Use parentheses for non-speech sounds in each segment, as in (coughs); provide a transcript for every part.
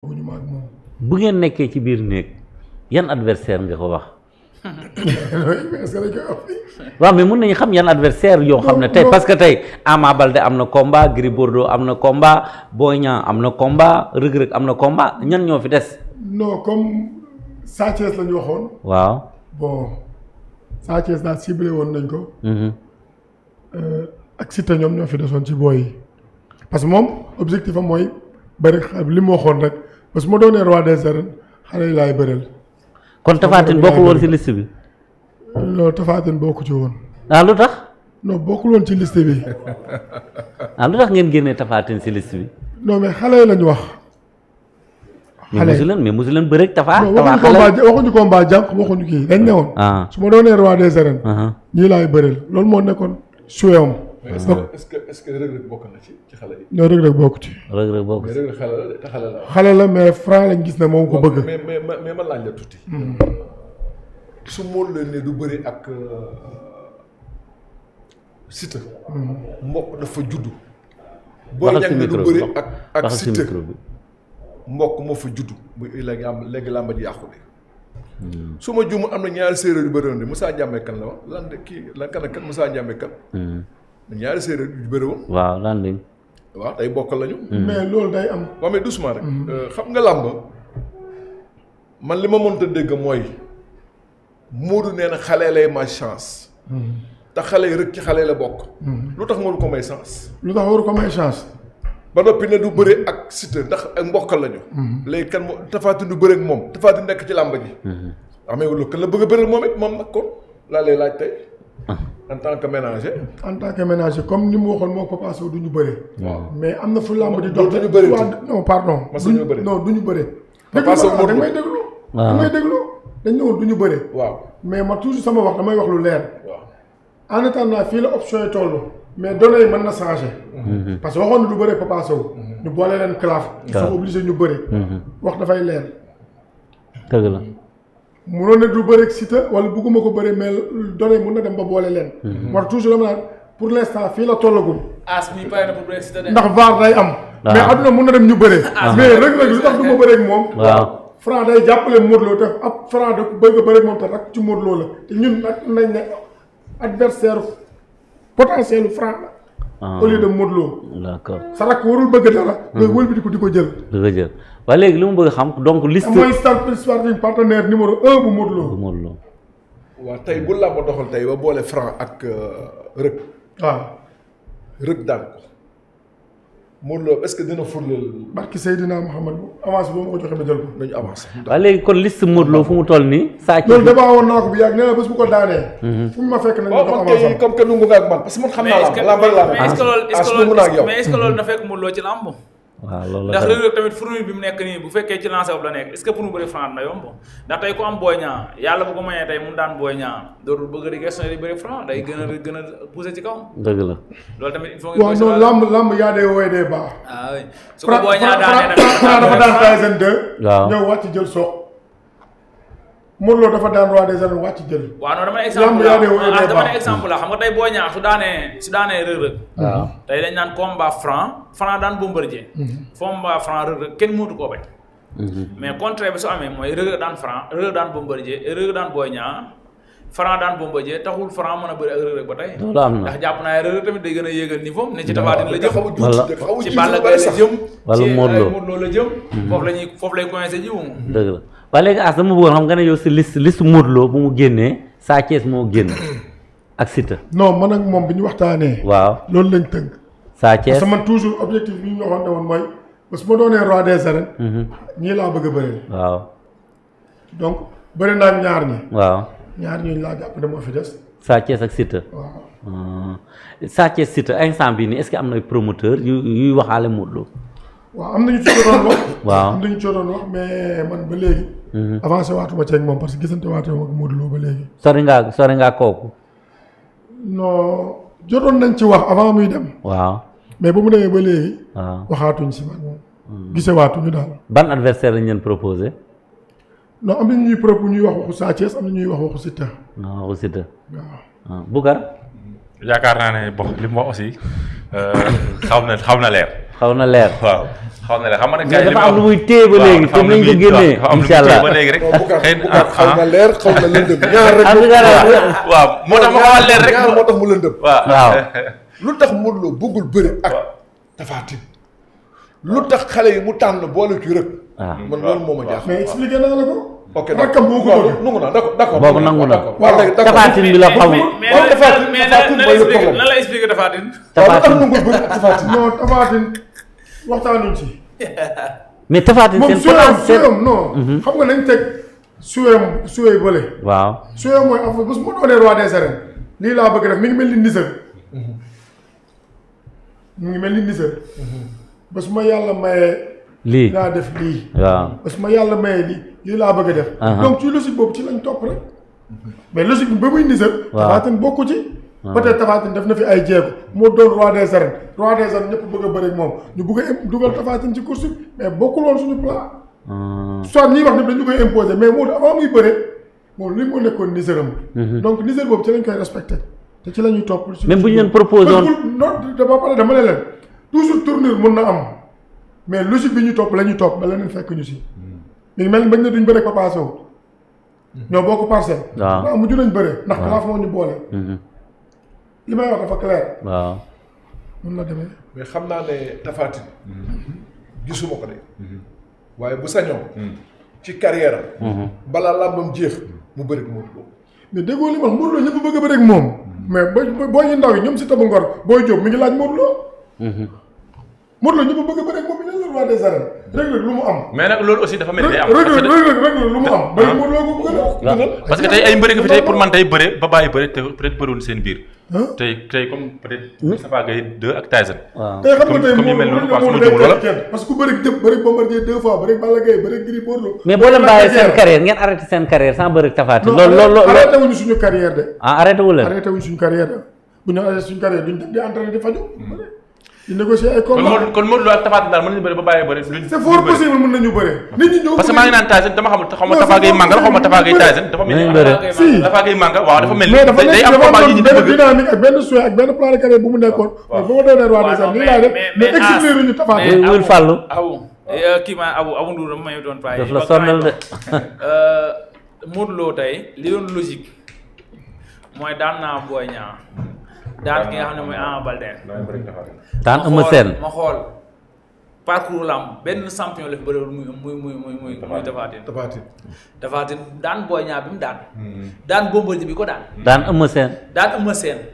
bu ngeen nekkee ci biir néeg yan adversaire nga ko wax. (laughs) waaw mais mun nañu xam yan adversaire yoo xam ne tey parce que tey Ama Balde am na combat Gris Bordeaux am na komba Boy Niang am na komba Reug Reug am na combat ñan ñoo fi des. non comme Sa Thiès la waxoon. waaw bon Sa Thiès daal ciblé woon nañ ko. Mhm. Euh, ak Siteu ñoom ñoo fi desoon ci booy yi que moom objectif am mooy bëri li waxoon rek. parce su ma doonee roi des arènes xale yi laay bëreel. kon Tapha Tine bokkul woon ci liste bi. non Tapha Tine ci woon. ah lu tax. noo bokkul woon ci liste bi. ah lu tax ngeen génnee Tapha Tine ci liste bi. non mais xale yi lañ wax. xale mais mosu leen mais mosu leen bëre ak Tapha. Tapha xale waxuñu combat jànq waxuñu kii dañ ne woon. Ah. su ma doonee roi des arènes. Uh-huh. ñii laay bëreel loolu moo nekkoon suwee am. Ah est-ce que est-ce que est-ce que rëg bokk na ci ci xale yi. non rëg-rëg bokk mais rëg la te lañ gis ne moom ko bëgg. mais mais ma laaj la tuuti. Hmm. su Modou Lo bëri ak Siteu. mbokk dafa juddu. boo ñàkk ne du bëri ak euh, hmm. ak Siteu léegi làmba ji yàqu bi. Hmm. su ma juum am na ñaari séeréer yu bëri na musaa Ndiamé kan la wax lan kii lan kan ak kan Moussa Ndiamé kan. ñaari séeréer yu bëri woon. waaw lan lañ. waaw tey bokkal lañu. Hmm. mais loolu day am. waaw mais doucement rek. Hmm. Euh, xam nga làmb man li ma mënta dégg mooy Modou nee na xale lay ma chance. Hmm. te xale yi rek ci xale la bokk. lu tax waru ko may chance. lu tax war ko may chance. ba noppi ne du bëre ak Siteu ndax ak mbokk lañu. léegi kan moo Tafatin du bëre ak moom Tafatin nekk ci làmb ji. amee ah, wala kan la bëgg a bëre moom it moom nag kon laa laaj tey. Ah. en tant que ménager. en tant que ménager comme ni mu waxoon moo Papa du ñu bëre. waaw mais am na fu làmb di dox. du ñu bëre non pardon. mosu ñu bëre non du ñu bëre. Papa Sow moo déglu ah. ñu bëre. waaw mais ma toujours sama wax damay wax lu leer. waaw en attendant fii la option yi toll. mais données yi mën na changé. Mm-hmm. parce que waxoon na du bëre Papa mm-hmm. ñu boole leen claf. waaw ils sont obligés ñu bëre. Mm-hmm. wax dafay leer. dëgg la. munoon na du bëre ak Siteu wala bugguma ko bëre mais données mun na dem ba boole leen. Mhm. war toujours dama pour l' instant fii la tollagum. as mi pare na pour day am. mais adduna mun na dem ñu bëre. Ah, ah. mais Reug Reug li tax du ma bëre ak moom. waaw Franc day jàppale Modou Lo te ab Franc da bëgg a ak moom te rak ci Modou la te ñun nag nañ ne adversaire potentiel Franc la. Ah. au lieu de Modou Lo. d'accord sa rakk warul bëgg dara. mais hmm. wëlbati ko di ko jël. di ko jël waaye léegi li mu bëgg xam donc. liste mooy Star Plus Sporting partenaire numéro un bu Modou Lo. tey bu làmb doxal tey ba boole franc ak rëg. waaw rëg daan ko. Modou Lo est-ce que dina furleel. barki Seydina Mouhamad avance boobu ma ko joxe ba jël ko. nañu avancé. waaw léegi kon liste Modou fu mu toll nii. saa ci loolu damaa woon naa ko bu yàgg nee na bés bu ko daanee. Mhm. fu mu ma fekk nañu ko avancé ak man parce que man xam naa mais est que loolu na ah, fekk Modou Lo ci làmb waaw loolu la ndax Reug Reug tamit fourmi bi mu nekk nii bu fekkee ci lancé la nekk est-ce que pour mu bëri franc na yomb ndax tey ku am Boy Niang yàlla bu ko mayee tey mu daan Boy Niang dootul bëgg di question di bëri franc day gën a (laughs) gën a poussé ci kaw dëgg la loolu tamit il faut waaw non lamb lamb yaa day wooy day baax ah oui su ko Boy Niang daanee nag dafa daan Tyson 2 waaw jël soog Modou Lo dafa daan roi des arènes wàcc jël. waaw non dama ne ah, exemple la dama ne exemple xam nga tey Boy Niang su daanee su daanee Reug Reug. tey dañ daan Bombardier. Mhm. combat franc Reug Reug kenn mootu mhm. mais contraire bi su amee mooy Reug Reug daan franc Reug Reug daan daan Boy Niang Franc daan Bombardier taxul jàpp naa Reug Reug tamit a yéegal niveau ne ci Tapha Tine la jëm. wala ci Balla Gaye la jëm. Mhm. foofu la ñuy foofu lay la waaye léegi as dama bëggoon xam nga ne yow si liste liste Modou bu mu génnee Sa Thiès moo génn ak Siteu. non man ak moom bi ñu waxtaanee. waaw loolu lañ tënk. Sa Thiès parce man toujours objectif bi ñu waxoon woon mooy parce que ma doonee roi des arènes. Mhm. ñii laa bëgg a bëri. waaw. donc bëri naa ñaar ñi. waaw ñaar ñu laa jàpp ne moo fi des. Sa Thiès ak Siteu. waaw. Ah. Sa Thiès Siteu instant bi nii est-ce am na promoteur yu yuy waxaale Modou waaw am nañu coono doon wax. waaw Mm-hmm. avancé waatuma ceeg moom parce que gisante waatuma ak Modou Lo ba léegi. sori ngaa sori ngaa kooku. no jotoon nañ ci wax avant muy dem. waaw mais ba mu demee ba léegi. waaw ah. waxaatuñ si man moom. Mm. gise waatuñu daal. ban adversaire lañ leen proposé. non am na ñuy propos ñuy wax waxu Sa Thiès am na ñuy wax waxu Siteu. waaw waxu Siteu. Ah, yaakaar naa ne bon li mu aussi euh, xaw na xaw na leer. xaw na leer waaw. xaw na leer xam nga ne dafa am lu muy téye ba léegi comme ni ñu ko génnee. incha allah ba léegi rek. xaw na leer xaw na lëndëm ñaar moo tax ma xaw leer rek ñaar moo tax mu lëndëm. waaw lu tax Modou Lo bëggul bëri ak Tapha Tine lu tax xale yi mu tànn boole ci rek. man loolu moo ma jaaxal. mais expliqué na la ko. ok d'accord nangu naa d'accord d'accord na tafaatin bi la xaw mais na la tafaatin waxtaanuñ ci. mais Tapha Tine seen. potentiel moom suyam non. Mhm. xam nga nañ teg suyam suyee bële. waaw suyam mooy afro bés bu doonee roi des lii laa bëgg def mi ngi mel ni nisër. mu ngi mel ni nisër. bés ma yàlla mayee. lii laa def lii. waaw bés ma yàlla mayee lii lii laa bëgg a def. donc ci logique boobu ci lañ topp rek. mais logique bi ba muy nisër. waaw Tapha bokku ci. Ah. peut-être Tapha Tine def na fi ay jéego moo doon roi des arènes roi des arènes ñëpp bëgg a bëri ak moom ñu bëgg a dugal Tapha Tine ci course mais bokkul suñu plan. Ah. soit ñiy wax ne dañu koy mais moo avant muy bëre moom li mu nekkoon niseram. Mhm. donc niser boobu ci lañ koy respecté te ci la ñuy topp. mun na am mais logique bi ñu topp la ñuy topp ba leneen fekk ñu si. Hmm. mais mel ni bañ ne duñ bëre Papa Sow hmm. ñoo bokk parcelle. waaw waaw mujj nañ bëre ndax kalaaf moo ñu boole. Hmm. li may wax dafa clair. waaw. mun la demee. mais xam naa ne Tapha Tine. gisuma ko de. waaye bu sañoon. ci carrière am. balaa làmbam jeex mu bëri moom. mais déggoo li ma wax Modou Lo ñëpp bëgg a bëri moom. mais boo boo ñu ndaw yi ñoom si tabu ngor booy jóg mi ngi laaj Modou Lo. Mhm. Modou Lo ñëpp bëgg a bëri ak moom. roi des am. mais nag loolu aussi dafa mel ni am. Reug lu mu am. Ah. a. Ah. Ah. parce que tey ay mbëri nga fi tey pour man tey bëre ba bàyyi bëre te peut être bëriwul seen biir. tey tey comme peut être Tapha Gaye bëri Gris mais boo leen bàyyee seen carrière ngeen arrêté seen carrière sans bëri Tapha. loolu loolu loolu arrêté wuñu suñu carrière de. ah arrêté suñu carrière bu ñu arrêté suñu carrière duñ dem di négocier ay combats kon Modou Lo ak Tapha Tine daal mën nañu bëri ba bàyyi bëri. luñ c'est fort possible mën nañu bëri. nit ñi ñëw parce que maa ngi naan Tyson dama xamul xaw ma Tapha Gueye Manga xaw ma Tapha Gueye Tyson. dafa mel ni Tapha Gueye Manga waaw dafa mel ni day am combat yi ñu bëgg dynamique ak benn souhait ak benn plan de carrière bu mu nekkoon. waaw waaw waaw mais mais as mais ah. Wul Fallu. Eh, kii ma abu abu Ndour ma ñu doon bàyyi. daf la sonal de. Euh, Modou Lo tey li doon logique mooy daan naa Boy Niang daan ki nga xam ne mooy Ama Baldé. daan Eumeu Sène ma xool parcours lam benn champion la fi bëre muy muy muy muy muy muy Tapha Tine. daan Boy bi mu daan. Mm-hmm. daan Bombardier bi ko daan. daan Eumeu Sène. daan Eumeu Sène.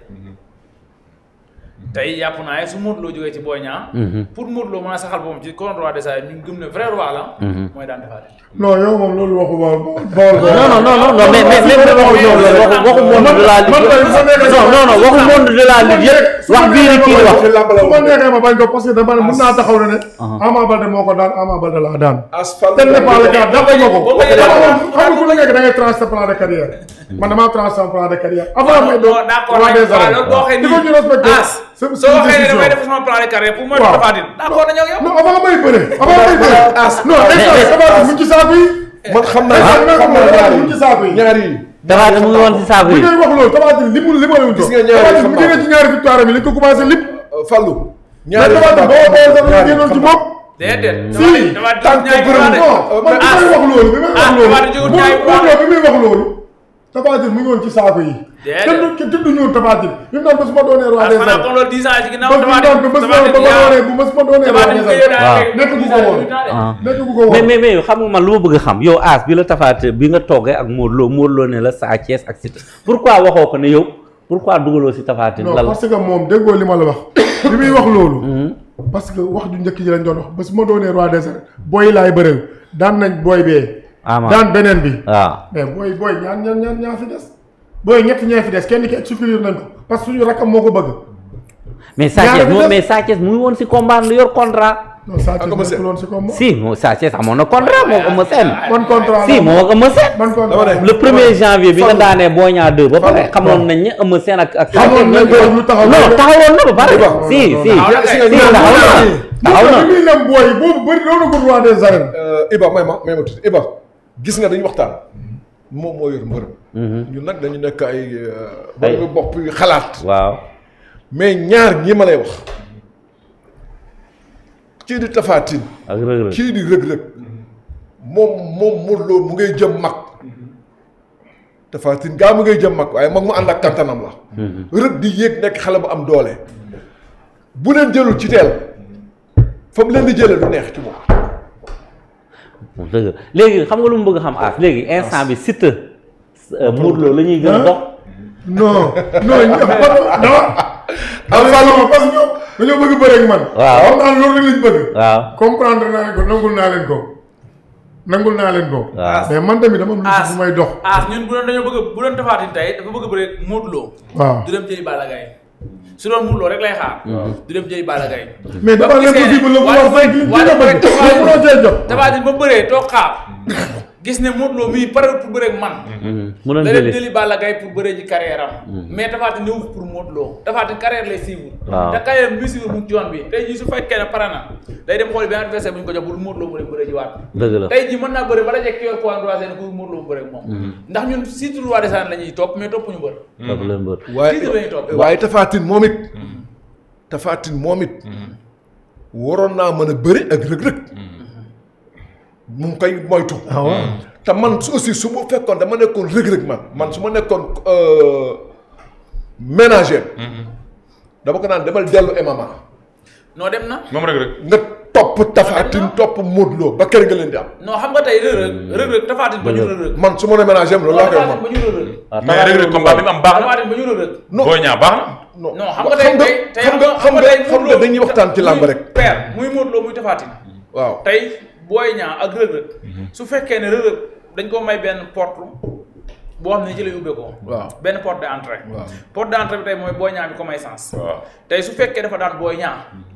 tey yàpp naa ne su Modou Lo jógee ci Boy Niang pour Modou Lo mën a saxal boppam ci couronne roi des arènes ñu gëm ne vrai roi la. mooy daan defaat. non yow moom loolu waxu ma non non non non mais mais mais waxu monde de la lutte non non non waxu monde de la lutte yëpp wax bii ni kii wax. su ma neexee ma bañ ko parce que dama ne mën naa taxaw ne ne. Ama Baldé moo ko daan Ama Baldé laa daan. asfaw teel na pas le cas dafa ma ko. xam nga ku la nekk da ngay tracer plan de carrière. man damaa tracer plan de carrière. avant muy doon roi des arènes il faut ñu respecter soo waxee damay def sama plan de carrière pour mooy Tapha Tine d'accord nañu ak yow. non avant may bëre avant may bëre non dafa muñ ci saako yi man xam naa xam naa muñ ci saako yi ñaari yi dafa da mu ngi woon ci saako yi ngay wax loolu Tapha Tine li mu li mu gis nga ñaari mu jógee ci ñaari victoire mi li ko commencé lépp euh, fallu ñaari Tapha Tine boo boo sax génnoon ci moom déedéet si tànk ko gërëm non man bi may wax loolu bi may wax ah, loolu bi may wax loolu Tapha Tine mu ngi woon ci saako yi. déedéet kenn tudd ñu woon Tapha Tine. ma doonee nekk gu ko woon mais mais mais xam nga man lu ma bëgg xam yow as bi la Tapha bi nga toggee ak Modou Lo Modou Lo ne la Sa Thiès ak Siteu pourquoi waxoo ko ne pour pourquoi dugaloo si Tapha Tine. lan la parce que li ma la wax. (coughs) li muy wax loolu. Hmm? parce que wax ju njëkk ji la doon ba su ma doonee roi des arènes booy laay bëreel daan nañ booy bee daan beneen bi. waaw mais booy booy ñaan ñaan ñaan ñaa fi des. fi des kenn ki parce que suñu ko bëgg. mais Sa Thiès woon si combat lu yor contrat. non Sa Thiès nekkuloon si combat. si moom amoon na contrat moo Eumeu Sène. ban contrat si moo Eumeu Sène. ban contrat premier janvier bi nga daanee Boy Niang 2 ba pare xamoon nañ ne Eumeu Sène ak ak. xamoon nañ ko na ba pare. si si si taxaw na. gis nga dañu waxtaan mm-hmm. moom moo yor mbërëm. Mm-hmm. ñun nag dañu nekk ay. Euh, ay borom bopp yu xalaat. waaw mais ñaar ñi ma lay wax. kii di Tapha Tine. ak Reug Reug di Reug Reug. Mm-hmm. moom moom Modou Lo mu ngay jëm mag. Tapha Tine gaa mu ngay jëm mag waaye mag mu ànd ak kantanam la. Reug di yéeg nekk xale bu am doole. bu leen jëlul ci teel fa mu leen di jëlee lu neex ci moom. moom léegi xam nga lu mu bëgg xam aas ah, léegi instant bi Siteu euh, Modou Lo la ñuy gën a dox non non ñoom dama alfaluma bëgg bëre man waaw xam naa loolu rek bëgg waaw comprendre naa leen ko nangul naa leen ko nangul naa leen ko dama am lu may dox aas ñun bu doon dañoo bëgg bu doon tafaatin tey dafa bëgg bëre ak Modou Lo waaw du dem jëli Balla su doon Modou Lo rek lay xaar. du dem jëy Balla Gaye. mais dafa leen ko fi mu la mu wax rek li nga bëgg. ba bëree toog gis ne Modou Lo mii pare pour bëre ak man. Mm-hmm. Mm-hmm. munoon jëli da jëli Balla Gaye pour bëre ji carrière am. Mm-hmm. mais Tapha Tine ñëwul pour Modou Lo Tapha Tine carrière lay suivre. waaw te carrière bi suivre mu joon bi tey jii su fekkee ne pare na day dem xool benn adversaire bu ñu ko jox pour Modou Lo mu dem bëre ji waat. dëgg la tey jii mën naa bëre ba la jekk yor point droit seen moom. ndax ñun surtout roi des arènes topp mais topp leen eh bër waaye waaye Tapha Tine moom it. it. waroon naa mën a bëre ak rëg-rëg mu ngi koy moytu. Ah hmm. te man aussi su ma fekkoon dama nekkoon rëg-rëg man man su ma nekkoon euh, ménager. Hmm, hmm. dama ko naan demal dellu MMA. noo dem na. moom rëg-rëg nga topp tafaatin topp Modou Lo ba kër nga leen di am. non xam nga tey rëg-rëg rëg-rëg tafaatin ba ñu rëg-rëg. man su ma nee ménager loolu laa koy wax man. Ah, mais rëg-rëg combat bi am baax na. booy ñaa baax na. non xam nga xam nga xam dañuy waxtaan ci làmb rek. père muy Modou muy tafaatin. waaw tey. Boy Niang ak Reug Reug mhm. su fekkee ne Reug Reug dañ koo may benn porte boo xam ne ci lay ubbee ko waaw benn porte d'entrée porte d'entrée bi tey mooy Boy Niang bi ko may tey su fekkee dafa daan booy Niang mhm.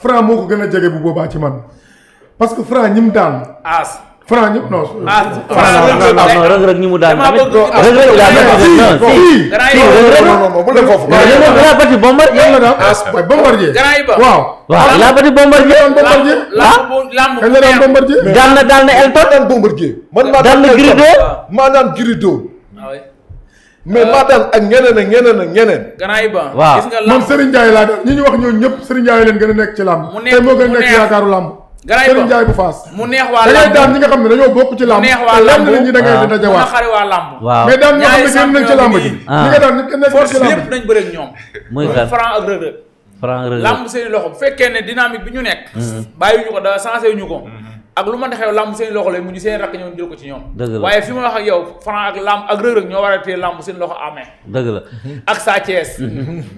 Franc moo ko gën a jege bu boobaa ci man parce que Franc ñi mu daan. aas Franc ñi non. aas Rëg Rëg ñi mu daan. damaa bëgg waaw. waaw laa bëgg Bombardier. daan na daan na Elton. daan na Bombardier. man maa daan na Girido. maa daan mais euh, maa daan ak ñeneen ak ñeneen ak ñeneen. gannaaw ba gis nga lamb man Serigne laa daan ñi ñu wax ñooñu ñëpp Serigne Ndiaye leen gën a nekk ci lamb. mu neex mu neex bu faas. mu neex waa lamb nga xam ne dañoo bokk ci lamb. mu neex waa dina jawaat. daan ne génn ci lamb ji. ñi nga daan nekk ci lamb ji force yëpp nañ ak rëg rëg. franc rëg rëg loxo bu fekkee ne dynamique bi ñu nekk. Mm-hmm. bàyyi ñu ko da sensé ñu ko mm-hmm. ak lu mën a xew làmb seen loxo lay mujj seen rakk ñoom jël ko ci ñoom. waaye fi ma wax ak yow Franc ak làmb ak Reug Reug ñoo war a téye làmb seen loxo amee. dëgg la ak Sa Thiès.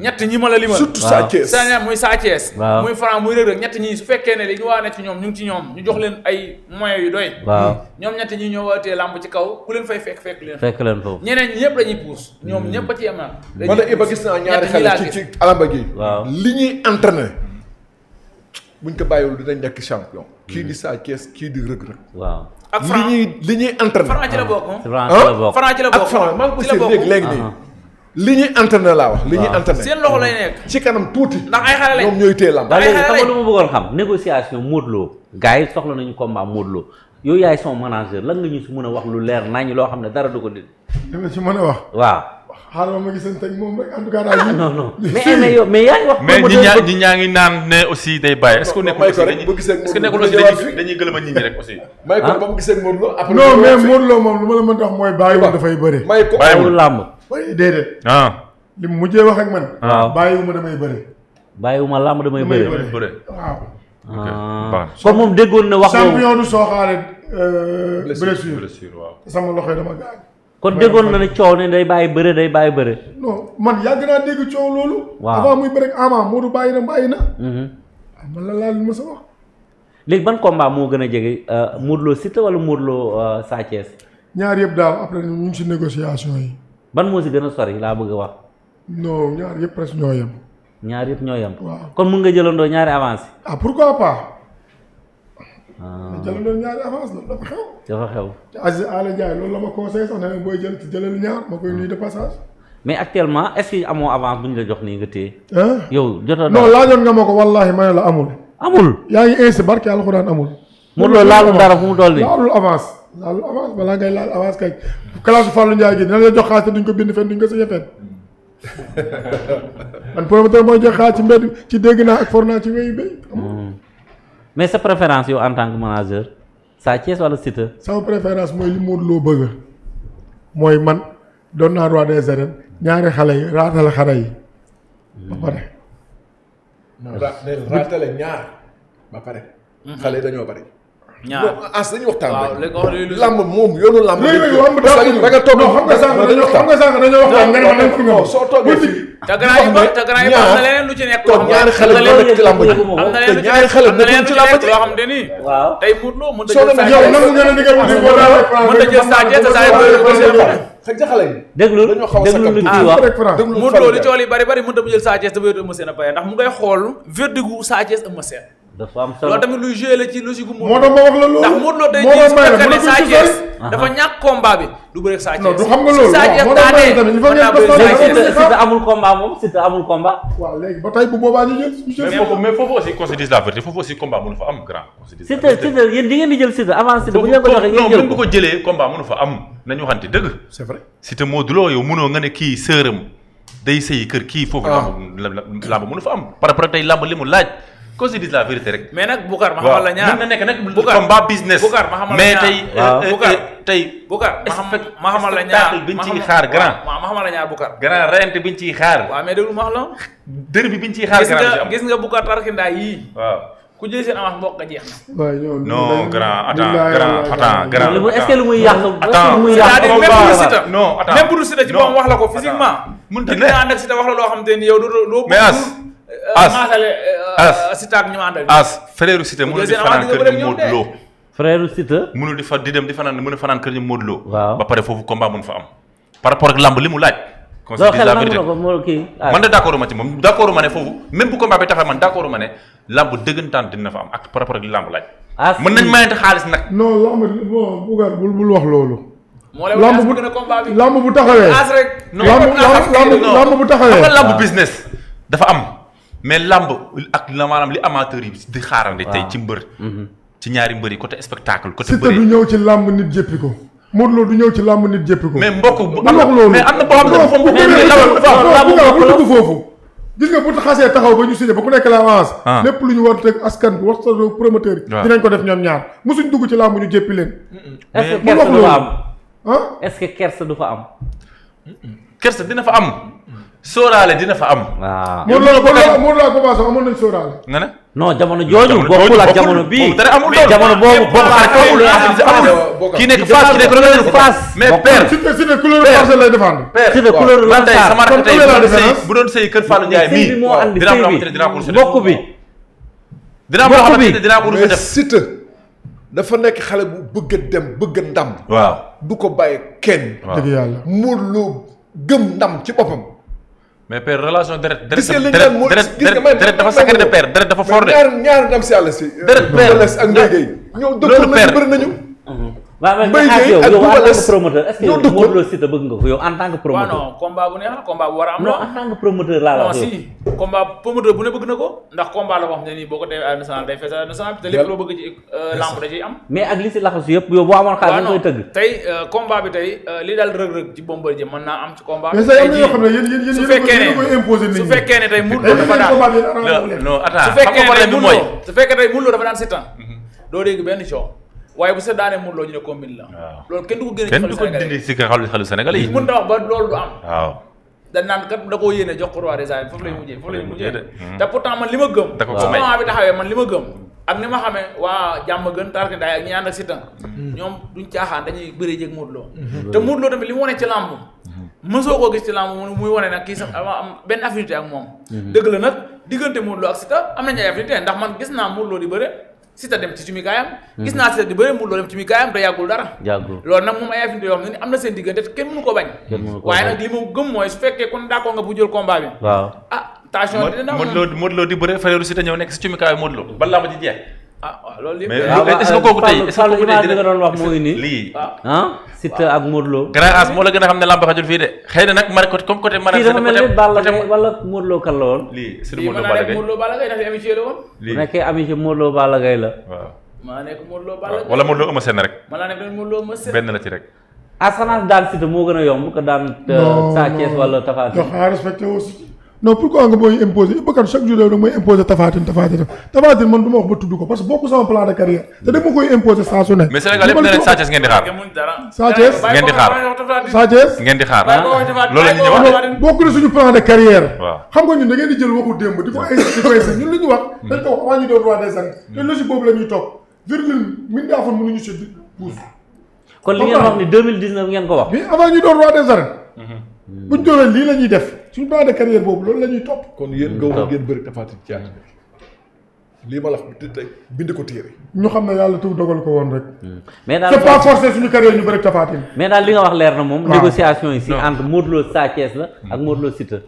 ñett ñi ma la limal surtout Sa Thiès. sa ñaar muy Sa Thiès. waaw muy Franc muy ñett ñi su fekkee ne li ñu waa ne ci ñoom ñu ngi ci ñoom ñu jox leen ay moyens yu doy. ñoom ñett ñi ñoo war a téye làmb ci kaw ku leen fay fekk fekk leen. fekk leen foofu ñeneen ñëpp dañuy puus. ñoom hmm. ñëpp a ci yem na. dañuy puus ñett ñi gis naa buñ ko bàyyiwul dinañ nekk champion. kii di Sa Thiès kii di Reug Reug. waaw ak Franc li ñuy li ñuy entraîné. Franc ci la bokk ah Franc ci la bokk ak Franc maa ngi ko seet léegi léegi ah. li ñuy entraîné laa wax. li ñuy entraîné seen loxo lay nekk. ci kanam tuuti. ndax ay xale lañ ñoom ñooy téye lamb. ay xale lañ xam nga lu ma bëggoon xam négociation Modou Lo. gars yi soxla nañu combat Modou Lo yow yaay son manager lan nga ñu si mën a wax lu leer nañu loo xam ne dara du ko dindi. li si mën a wax. xaaral ma gisante ak moom rek en tout cas daal. Ah, non (laughs) eh, wax. mais ñi ñaa ñi ñaa ngi naan ne aussi day bàyyi. est-ce que nekkul aussi dañuy est-ce que nekkul aussi dañuy dañuy gëlëma may ko mu gisee ak Modou Lo après non mais moom lu ma la mën a wax mooy bàyyiwul dafay bëre. may ko bàyyiwul làmb. déedéet. Ah. waaw bàyyiwuma damay bëre. bàyyiwuma làmb damay bëre damay bëre waaw. Ah. kon moom déggoon na wax. champion du sooxaale euh, blessure blessure waaw sama loxo dama gaañ kon déggoon na ne coow ne day bàyyi bëre day bàyyi bëre. non man yàgg a dégg coow loolu. waaw muy bëre ak Ama Modou bàyyi na bàyyi na. Mhm. Ah, man la laal ma sa wax. léegi ban combat moo gën a jege euh, Modou Lo Siteu wala Modou Lo euh, Sa Thiès. ñaar yëpp daaw après ñu si négociation yi. ban moo si gën a sori laa bëgg wax. non ñaar yëpp presque ñoo yem. ñaar yëpp ñoo yem. kon mun nga jëlandoo ñaari avance. ah pourquoi pas. Ah. jël loolu ñaari avance loolu dafa xew. dafa xew. te Aziz Ala loolu la ma conseillé sax ne booy jël jëlal ñaar ma koy nuyu de mais actuellement est-ce que amoo avance bu ñu la jox nii nga téye. yow jot non laajoon nga ma ko wallaahi ma ne la amul. amul yaa ngi insi barke alxuraan amul. mu loolu laalul dara fu mu dolli. laalul avance laalul avance balaa ngay laal avance kay. classe Fallou Ndiaye gi dina la jox xaalis te duñ ko bind fenn duñ ko sañ a fenn. (laughs) man promoteur mooy jox xaalis ci ci dégg naa ak naa ci mais sa préférence yow en tant que manager Sa Thiès wala Siteu. sama préférence mooy li Modou loo bëgg mooy man doon naa roi des arènes ñaari xale yi raatale xale yi ba pare. non raatale ñaar ba pare. xale yi dañoo bari. ñaar as dañuy waxtaan rek. waaw léegi lamb moom yoonu lamb. léegi lamb da nga toog xam nga sànq dañoo xam nga sànq dañoo wax nga ne ma nekk fi nga. soo toogee fii te grand yi ba te grand yi ba am na leneen lu ci nekk. kon ñaari xale ñu nekk ci lamb ji am na leneen lu ci nekk ci lamb ji loo xam ne nii. waaw tey Modou Lo mën na jël saa yow nangu ngeen di nga mën na jël saa jël saa yow mën na jël saa xëy na xale yi. déglu déglu lu kii wax ah, Modou Lo li cool yi bari bari mën na jël Sa Thiès da bëri Eumeu Sène a ndax mu ngay xool verdigu Sa Thiès Eumeu Sène dafa am solo loolu tamit luy joué la ci dafa ñàkk combat bi du bëre Sa Thiès. non du xam nga loolu waaw moo tax may amul combat moom Siteu amul combat. waaw léegi ba tey bu boobaa ñu jël. mais foofu mais foofu aussi qu'on se dise la combat mënu fa am bu ko jëlee combat mënu fa am nañu waxante dëgg. c'est vrai Siteu Modou yow mënoo nga ne kii sëram day sëyi kër kii foofu ah. lamb lamb fa am par rapport tey lamb li mu laaj qu'on se dise la vérité rek. mais nag Boucar ma xamal la ñaar mën na nekk ma xamal la ñaar mais tey. waaw euh, euh, Boucar euh, tey. la ñaar spectacle bi ñu ciy xaar grand. waaw ma xamal la ñaar Boucar. grand reyante bi ñu ciy xaar. waaw mais déglu ma wax la. derby bi ñu ciy xaar. grand gis nga gis nga Boucar tarkindaa lu muy yàq. attends c'est-à-dire non attends même pour Siteu ci moom wax la ko physiquement. mënut a ne dina ànd wax la loo xam te ni yow doo doo. mais Euh, as euh, as euh, Siteu ak ñu àndal. as frère Siteu mënul di fanaan kër ñu Modou Lo. frère Siteu. di fa di dem di fanaan mënul fanaan kër ñu Modou Lo. waaw ba pare foofu combat mun fa am. par rapport ak li mu laaj. la vérité man de d' accord ma ci moom d' ma ne foofu même bu combat bi taxee man d' ma ne lamb dëggantaan dina fa am ak par rapport ak lamb laaj. as mën nañ mayante xaalis nag. non lamb bon Bougar bul bul bu taxawee. as business dafa am. mais làmb ak la maanaam li amateur yi di xaarandi tey ci mbër mhm. ci ñaari mbër yi côté spectacle côté bëre du ñëw ci làmb nit jëppi ko Modou Lo du ñëw ci làmb nit jëppi ko mais mbokk bu wax loolu mais am na boo xam mbokk bu dugg foofu gis nga bu xasee taxaw ba ñu signé ba ku nekk la avance ah. lépp lu ñu war teg askan bi waxtado promoteur yi dinañ ko def ñoom ñaar mosuñ dugg ci làmb ñu jëppi leen bu wax loolu ah est-ce que kersa du fa am kersa dina fa am sóoraale dina fa am. waaw mu loolu mu loolu commencé amoon nañu sóoraale. nga ne. non jamono jooju. bokkul ak jamono bii dara amul loolu jamono boobu bokk amul kii nekk Fass kii nekk Rangane Fass. mais doon sëy kër Fallou Ndiaye mii dina am loo am urus def bokk bi. dina am loo xamante ne dina am dafa nekk xale bu bëgg a dem bëgg a ndam. waaw ko bàyyi kenn. dëgg yàlla mu lu gëm ndam ci boppam mais père relation deret deret deret dafa sacré père deret dafa fort de ñaar ñaar ndam si yàlla si deret père ak ndey gay ñoo dëkk nañu bëri nañu mhm. Mbaye Gueye ak ko yow en tant que promoteur waaw non combat bu neex la combat bu a am non en tant que promoteur laa da ciy am mais tey euh, combat bi tey euh, li daal rëg-rëg ci Bombardier mën naa am ci am na yoo xam ne yéen yéen su fekkee ne su fekkee ne tey Modou Lo dafa daan non mhm. doo dégg benn coow waaye bu sa daanee Modou Lo ñu ne combine la. loolu kenn du ko génne ci xelu Sénégal yi kenn du wax ba loolu du am. waaw dañ kat da koo yéene jox ko des arènes foofu lay mujjee foofu lay mujjee te pourtant man li ma gëm. da li ma gëm. ak ni ma jàmm gën tarki daay ak ñi ànd ak Siteu. Mm-hmm. ñoom duñ caaxaan dañuy bëree jéeg Modou Lo. Mm-hmm. te Modou Lo tamit li mu wane ci làmb. Mm-hmm. mësoo koo gis ci làmb mu muy wane nag kii sax ama am benn affinité ak moom. dëgg la nag diggante am nañu ay ndax man gis naa Modou Lo di bëre Siteu dem ci cumikaayam gis naa Siteu di bëri Modou Lô dem ci cumikaayam te yàggul dara loolu nag moom ay affinité yoo xam ne am na seen diggante kenn mënu ko bañ waaye nag li ma gëm mooy su fekkee kon d'accord nga bu jël combat bi waaw ah tension dina Modou Lô Modou Lô di bëre frère Siteu ñëw nekk si cumikaay Modou Lô ba laa ma ji ah waaw loolu yëpp. mais est ce que kooku tey est doon wax mooy nii. lii ah. ak Modou Lo. grand as moo la gën a xam ne lamb xajul fii de xëy na nag mari côté comme côté. mara seen côté côté wala Modou Lo kan la woon. lii sur Modou Lo Balla Gaye la lii bu nekkee amitié Modou Lo la. waaw maa nekk Modou Lo Balla wala Modou Lo Eumeu rek. ma laa ci rek. asanaas daan Siteu moo gën a yomb que daan. Sa Thiès wala non pourquoi nga mooy imposer Ibou Kane chaque jour da mooy imposer Tapha Tine man du wax ba tudd ko parce que bokku sama plan de carrière te dama koy imposer saa mais Sénégal yëpp ah? la ñu bokk na suñu plan de carrière. xam nga ñun da ngeen di jël waxu démb di ko ay di ko ay ñu wax. dañ ko ñu si hmm. pousse. kon li ngeen wax ni 2019 ngeen ko wax. mais avant ñu doon roi des arènes. Hmm. buñ doon lii la def suñ plan de carrière boobu loolu la ñuy topp. kon yéen nga wax ngeen bëri Tapha ci àddina bi lii ma la wax tey bind ko téere. ñu xam ne yàlla tuub dogal ko woon rek. Hmm. mais daal c'est pas forcé suñu mais daal li nga wax leer na moom. négociation yi si entre Modou Lo Sa la ak hmm. Modou Lo Siteu.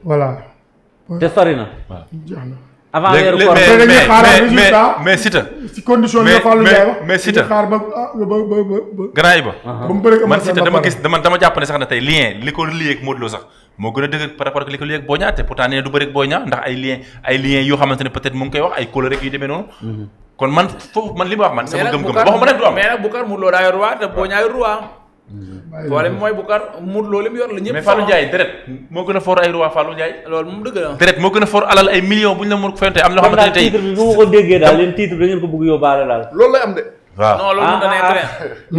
te sori na. waaw jeex na. avant weeru koor mais dañuy xaaral résultat mais Siteu si condition yi nga Fallou Ndiaye wax mais Siteu xaar ah, ba ba ba ba. gannaaw yi ba. Uh-huh. ba mu bëri man Siteu dama gis dama dama jàpp tey lien li ko lié ak Modou moo gën a dëgg par rapport ak li ko lii ak Boy Niang te pourtant nee du bëri ak ndax ay lien ay liens yoo xamante ne peut-être mu ngi koy wax ay couleur rek yu demee noonu. Mhm. kon man foofu man li ma wax man. sama gëm-gëm waxuma nag mhm. mu yor la ñëpp. mais deret moo gën a fort ay roi Fallou loolu moom dëgg la. deret moo gën a fort alal ay millions bu ñu la mën a fayante am. loo xamante ne tey bi bu ma ko déggee daal yéen titre bi da ngeen ko bëgg yóbbaale waaw non loolu ah, da ah, ah. nekk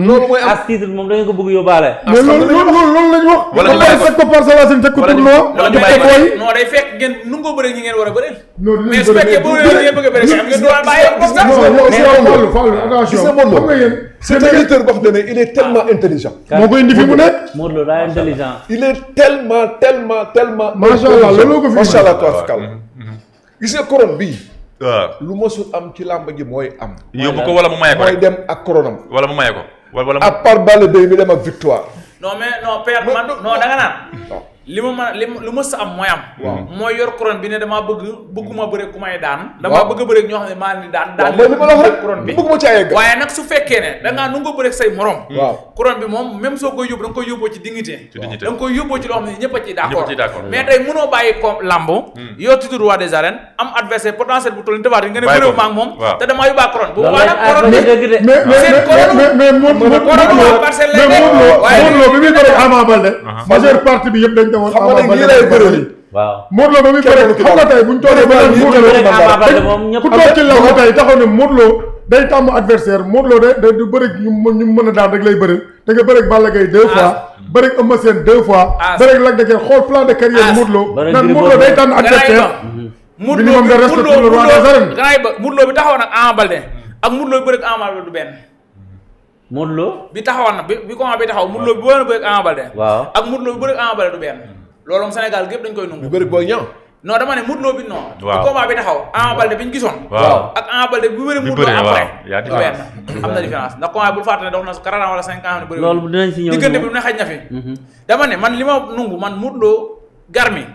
loolu mooy am titre moom da ngeen ko bëgg yóbbaale. mais loolu loolu la ñu wax. wala ñu bàyyi ko teg ko parcelle asin teg ko tournoi. wala ñu bàyyi ko non day fekk ngeen nu nga ko bëree ñi ngeen war a bëree. non mais su fekkee boo ngeen bëgg a bëree ngeen doon bàyyi ko sax. non non Fallou Fallou attention xam nga yéen. c'est un leader boo xam ne il est tellement intelligent. moo koy indi fi mu nekk. Modou Lo daa intelligent. il est tellement tellement tellement. macha allah looloo ko fi macha allah mm-hmm. gis nga korom bii waaw lu mësul am ci làmb ji mooy am. yóbbu ko wala mu maye ko mooy dem ak koronam. wala mu maye ko wala wala. à part Balla Gaye mi dem ak victoire. non mais non père man non da nga naan. li ma mën a li lu mës mooy am. mooy yor couronne bi ne damaa bëgg bëgguma mm. bëre ku may daan. damaa bëgg a bëre ñoo xam daan. daan li la wax rek couronne bi bëgguma ci ay waaye nag su fekkee ne da ngaa nu say morom. Mm. waaw bi moom même soo koy yóbbu da koy yóbboo ci dignité. da koy yóbboo ci loo xam ne ñëpp a ciy d'accord mais tey mënoo bàyyi ko lamb. Mm. yor titre roi des arènes am adversaire potentiel bu toll nii Tapha nga ne bëre maa moom te damaa Ama Balde. majeure partie bi yëpp dañ demoon. Ama Balde xam nga ne lay bëree. waaw Modou Lo ba muy bëree xam nga ba ku toog ci law ba tey taxaw ne Modou Lo day tàmm adversaire Modou de du bëri ñu ñu mën a daan rek lay bëri da nga bëri ak Balla Gaye deux fois ah. bëri ak Eumeu Sène ah. de Guiers xool plan de carrière ah. Modou Lo naan Modou day tànn adversaire minimum de respect pour le roi des arènes Modou Lo bi taxaw nag Ama Balde ak Modou bi bëri ak Balde du benn Modou Lo bi taxawoon na bi bi combat bi taxaw Modou Lo bi bu waroon a bëri ak Ama Baldé waaw ak Modou Lo bi bëri ak Ama du benn loolu moom Sénégal gépp dañ koy nangu bëri booy ñëw non dama ne Modou Lo bi non bi combat du benn am na différence ndax combat bu fàtte ne dox na quarante ans wala cinquante ans ne bëri loolu dinañ si ñëw diggante bi mu ne xaj na fi mhm. dama ne man li ma nangu man Modou Lo garmi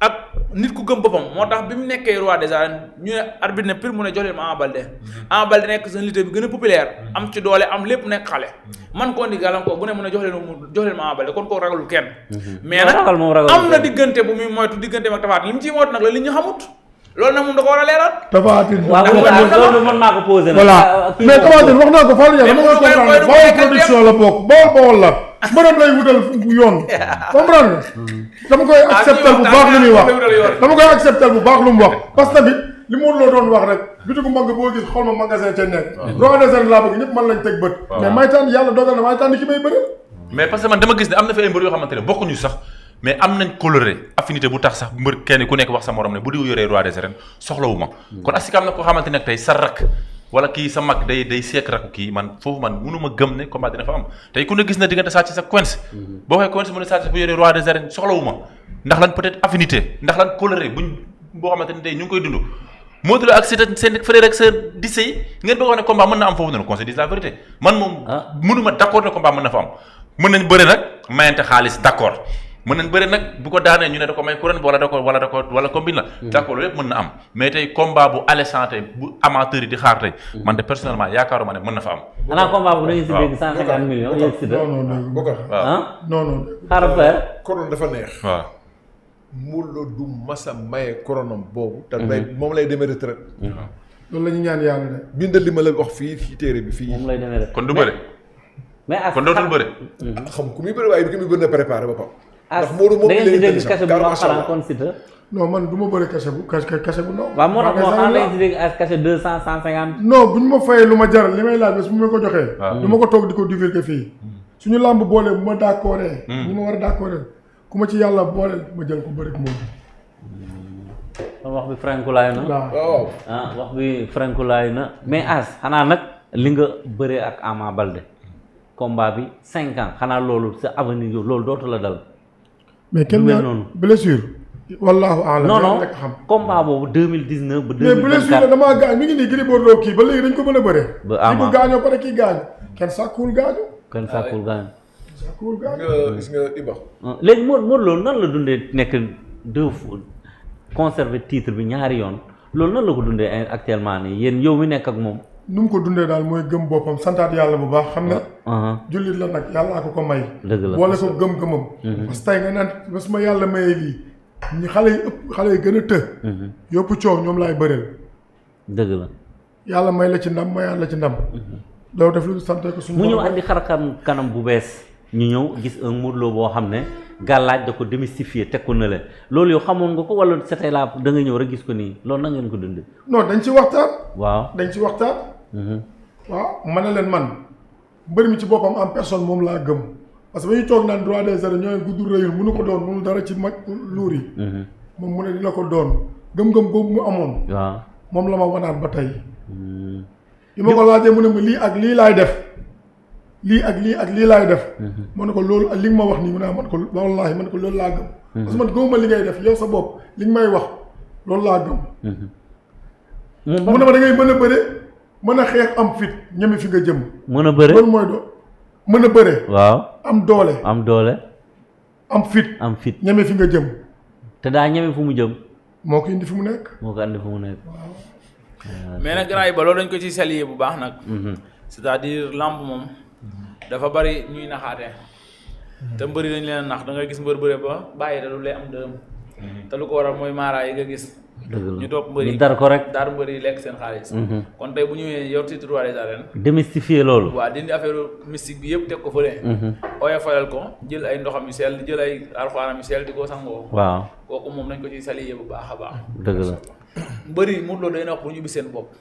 ak nit ku gëm boppam moo tax bi mu nekkee roi des arènes ñu ne arbitre ne pire mu ne jox leen ma Ama Baldé mm-hmm. Ama Baldé nekk seen lutteur bi gën a populaire mm-hmm. am ci doole am lépp nekk xale mm-hmm. man koo di gàllankoor bu ne mu ne jox leen mu jox leen ma Ama Baldé kon koo ragalul kenn mais nag am na diggante bu muy moytu diggante mag tafaat li mu ciy moytu nag la li ñu xamut loolu nag da ko war a leeral. mais Tapha wax naa ko Fallou Ndiaye dama comprendre Baol production la bokk Baol Baol la mbërëm lay wutal yoon (laughs) comprendre dama koy ah, accepter bu baax lu muy wax dama koy accepter bu baax lu mu wax parce que tamit li mu loo doon wax rek bitigu manga boo ah. ñëpp man lañ teg bët ah. mais may tànn yàlla dogal na may tànn ki may bëri mais parce que man dama am na fi ay mbër yoo xamante ne bokkuñu sax mais am nañ coloré affinité bu tax sax mbër kenn ku nekk wax sa morom ne bu diw yoree roi des arènes soxlawu ma. kon askan tey sa rak wala sa mag day day seek rakku kii man foofu man mënu ma gëm ne combat dina fa am tey ku ne gis na diggante Sa Thiès ak Quench. Mhm. boo xoolee Quench mu ne Sa Thiès bu yoree roi ndax lan peut-être affinité ndax lan coloré buñ boo xamante ne tey ñu ngi koy dund. moo Lo ak seen seen frère ak sœur di sëy ngeen bëgg wax ne combat mën na am foofu noonu conseil dis la man moom. Ah. mënuma d'accord ne combat mën na fa am. mën nañ bëre nag mayante xaalis d'accord mën nañ bëri nag bu ko daanee ñu ne da ko may couronne bi wala da ko wala da ko wala combine la hmm. d'accord loolu yëpp mën na am mais tey combat bu ale santé bu amateur yi di xaar tey hmm. man de personnellement yaakaaruma ne mën na fa am xanaa combat bu dañuy si xaaral père euh, couronne dafa neex waaw Modou Lo du masa maye couronne am boobu te day hmm. moom lay demee retraite loolu la ñu ñaan yàlla de bindal li ma la wax fii fii téere bi fii moom lay demee kon du bëre mais kon dootul bëre ah, xam ku muy bëre waaye bi ko muy gën a préparé ndax Modou moom da dégg kase bu noo xanaa kon Siteu non man du ma bëri kase bu kase kase bu noo waaw moo tax moo xam lañ si dégg as kase deux cent cent cinquante non bu ñu ma fayee lu ma jaral li may laaj bés bu ma ko ma ko toog di ko divulguer fii hmm. suñu làmb boolee bu ma d'accordee ñi hmm. ma war a d'accordee ku ma ci yàlla booleel ma jël ko bëri moom kon hmm. bi frankulaay na waaw ah, wax bi frankulaay na mais as xanaa nag li nga bëree ak Ama Baldé combat bi cinq ans xanaa loolu sa avenir loolu dootu la dal mais kenn noonu blessure. wallaahu alam non non combat boobu deux mille dix neuf ba deux mille vingt quatre mais blessure damaa gaañ mi ngi nii Gris Bordeaux kii ba léegi dañ ko mën a bëree. ba ama kii bu gaañoo pare kii gaañ. kenn sàkkuwul gaañu. kenn sàkkuwul gaañu. sàkkuwul gaañu. gis nga Iba. Ah, léegi Modou Modou loolu nan la dundee nekk deux fois conserver titre bi ñaari yoon loolu nan la ko dundee actuellement nii yéen yow mi nekk ak moom. nu mu ko dundee daal mooy gëm boppam santaat yàlla bu baax xam ne ah, ah. jullit la nag yàllaa ko ko may boole ko gëm-gëmam mhm. parce que tey nga naan ba su ma yàlla mayee lii ñi xale yi ëpp xale yi gën a të mhm. yëpp coow ñoom laay bëreel dëgg la yàlla may la ci ndam mayaat la ci ndam mhm. doo def lu sante ko suñu mu ñëw andi xarkam kanam bu bees ñu ñëw gis un Modou Lo boo xam ne gàllaaj da ko démystifier teg ko na la loolu yow xamoon nga ko wala c'était là da nga ñëw rek gis ko nii loolu na ngeen ko dund waaw ah, ma ne leen man mbër mi ci boppam am personne moom laa gëm parce que ba ñu toog naan droit des arènes ñooy gudd rëyul mënu ko doon mënu dara ci mag luur yi. Mm-hmm. moom mu ne dina ko doon gëm-gëm boobu mu amoon. moom la ma wanaat ba tey. li mm-hmm. ma ko laajee mu ne ma lii ak lii laay def lii ak lii ak lii laay def. Mm-hmm. ma ne ko loolu ak li nga ma wax nii mu ne ah man ko wallaahi man ko loolu laa gëm. parce que man gëmuma li ngay def yow sa bopp li may wax loolu laa gëm. mu ne ma da mën a xeex am fit ñeme fi nga jëm. mën a bëre loolu mooy do mën a bëre. waaw am doole. am doole. am fit am fit ñeme fi nga jëm. te daa ñeme fu mu jëm. moo ko indi fu mu nekk. moo ko indi fu mu nekk. mais nag gars yi ba loolu dañ ko ci saluer bu baax nag. Mm-hmm. c'est-à-dire lamb moom. dafa bari ñuy naxaate. te mbëri dañ leen nax da ngay gis mbër bëre ba bàyyi da lu lay am dërëm. Mhm. te lu ko a mooy maara yi nga gis. ñu toog mbëri dar ko rek daar mbëri lekk seen xaalis. Mhm. kon tey bu ñëwee yor titre roi des arènes. démystifier loolu. waaw dindi affaire mystique bi yëpp teg ko fële. ooya mhm. falal ko jël ay ndoxam yu sell jël ay alxuraan yu sell di ko sangoo. waaw kooku moom nañ ko ci saliyee bu baax a baax. dëgg la mbëri Modou Lo day na wax pour ñu bi seen bopp.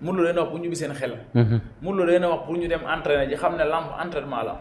Modou Lo day na wax pour ñu dem entraîner ji xam ne lamb entraînement la.